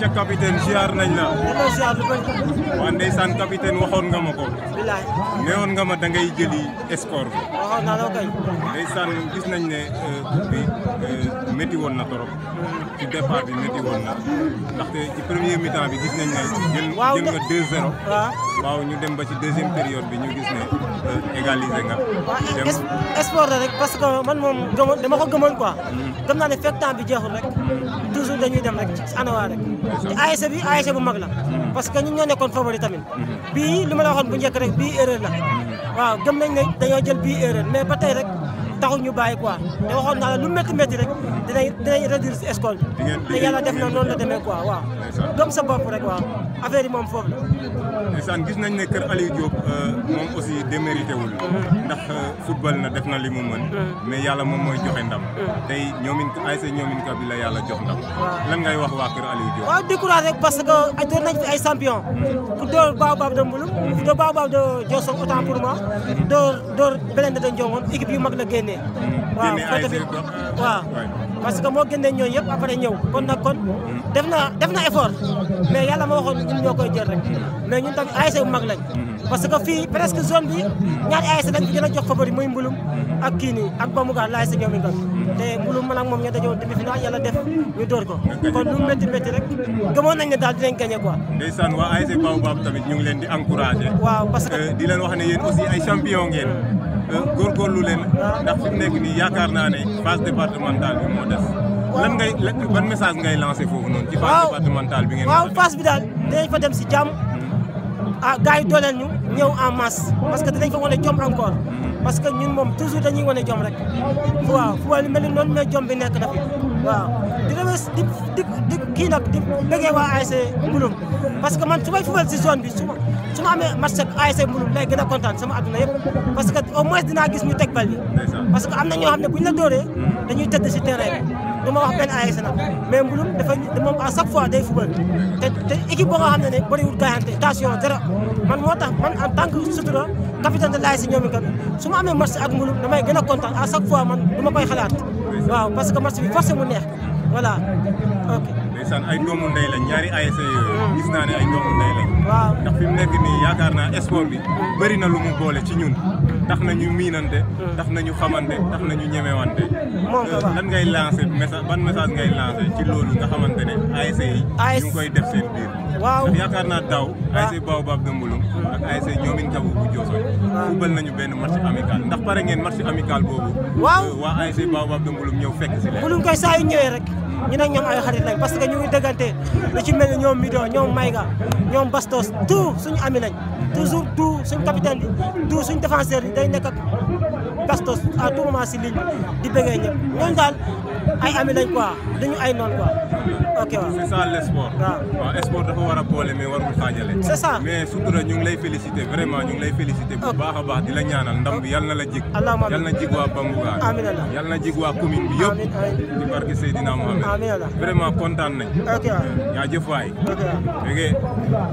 ca capitaine ziar nañ la. waaw ndeysaan capitaine waxoon nga ma ko. neewoon nga ma da ngay jëli score bi. waaw naa la kay. ndeysaan gis nañ ne euh, bi euh, métti na torop ci départ bi métti woon na ndaxte ci premier mi-temps bi gis nañ ne. jël jël nga 2-0. waaw ñu dem ba période bi ñu gis ne euh, égaliser nga. dem sport rek parce que man moom gëmoon dama ko gëmoon quoi. Mm-hmm. gëm naa ne fekk temps bi jeexul rek. Mm-hmm. toujours dañuy dem rek ci ANACIM rek. te ASC bi ASC bu mag la. Mm-hmm. parce que ñun ñoo nekkoon favori tamit. bii li ma la waxoon bu njëkk rek bii erreur la. waaw gëm nañ ne dañoo jël bii erreur. mais ba tey rek taxu ñu bàyyi quoi te waxoon naa la lu métti métti rek dinañ dinañ école bi te yàlla def na noonu la demee quoi waaw gëm sa bopp rek waaw affaire moom foofu la. ndeysaan gis nañ ne kër Aliou Diop euh, moom aussi démérité mm. ndax euh, football na def na li mu mën. Mm. mais yàlla moom mooy joxe ndam. Mm. tey ñoomin ASC ñoomin ka bi la yàlla jox ndam. lan ngay wax waa kër Aliou Diop. waaw découragé parce que ay doon nañ fi ay champion. ku door Baobab de Mbulu. ku door Baobab de Diossong autant pour moi. door door da doon jongoon équipe yu mag la génnee. waaw parce que moo génnee ñooñu yëpp après ñëw kon nag kon def na def na effort mais yàlla ma waxoon ñun ñoo koy jël rek mais ñun tamit ASC e bu mag lañ parce que fii presque zone bi ñaari ASC e dañ fi gën a jox muy mbulum ak kii nii ak bamugaan la ASC Ndiamé e Ngor te mbulum man ak moom ñoo dajoo demi-finale yàlla def ñu door ko kon lu métti métti rek gëmoon nañ ne daal dinañ gagné quoi ndeysaan waa ASC Baobab tamit ñu ngi leen di encouragé waaw parce que euh, leen wax ne yéen aussi Euh, góorgóorlu ndax fi mu nekk nii yaakaar naa phase départementale mo def lan ngay ban message ngay lancer fofu non ci phase départementale bi ngeen. waaw phase bi dal dañ fa dem ci jàmm hmm. ah gaay yi ñu ñew en masse parce que dañ fa wane jom encore hmm. parce que ñun mom toujours dañuy wane jom rek waaw fu wàllu mel non mais jom bi nekk na fi waaw di demee di di kii nag di bëggee waa ASC Mbouloum parce que man su may fubal si zone bi su su ma amee match ak ASC Mboulour lay gën a kontaan sama adduna yëpp parce que au moins gis ñu teg bal yi parce que am na ñoo xam ne bu ñu la dóoree hmm. dañuy tëdd si terrain bi du ma wax benn ASC nag mais Mboulour fois day football te te équipe boo nga xam ne ne bëriwul gaayante tension man moo tax man en tant que sutura capitaine de l'ASC ñoom itam su ma amee match ak Mboulour damay gën a kontaan à chaque fois man du ma koy xalaat waaw parce que match bi forcé mu neex voilà ok ndeysaan ay doomu ndey lañ ñaari ASC yooyu hmm. gis naa ay doomu waaw ndax fi mu nekk nii yaakaar naa sport bi bëri na lu mu boole ci ñun tax na ñu miinante tax na ñu xamante tax na ñu ñemewante euh, lan ngay lancé message ban message ngay lancé ci loolu nga xamante ne ASC yi ñu ngi koy def seen biir waaw ndax yaakaar naa daaw ASC ah. Baobab de Mbulum ak ASC ñoomin kabu bu Joosoon ah. football nañu benn match amical ndax pare ngeen match amical boobu waaw euh, waa ASC Baobab de Mbulum ñëw fekk si leen bu ñu koy saa yu ñëwee rek ñu ne ñoom ay xarit lañ parce que ñu ngi dëggante lu ci mel ni ñoom Mido ñoom Mayga ñoom Bastos tout suñu ami lañ toujours tout suñ capitaine bi tout suñ défenseur bi day nekk ak bastos à ah, tout si ligne di bëggee ñëpp ñooñu daal ay ami lañ a duñu ay noon quoi ok waaw. c'est ça dafa war a boole mais warul xaajale. c'est ça mais sutura ñu ngi lay féliciter vraiment ñu ngi lay féliciter. bu baax a di la ñaanal ndam bi yal na la jig. alaamaaleykum yal na jig waa Bambouga. amiin yal na jig waa commune bi yëpp. di barke Seydina Mohamed. amiin ala vraiment kontaan nañ. ok waaw jaajëf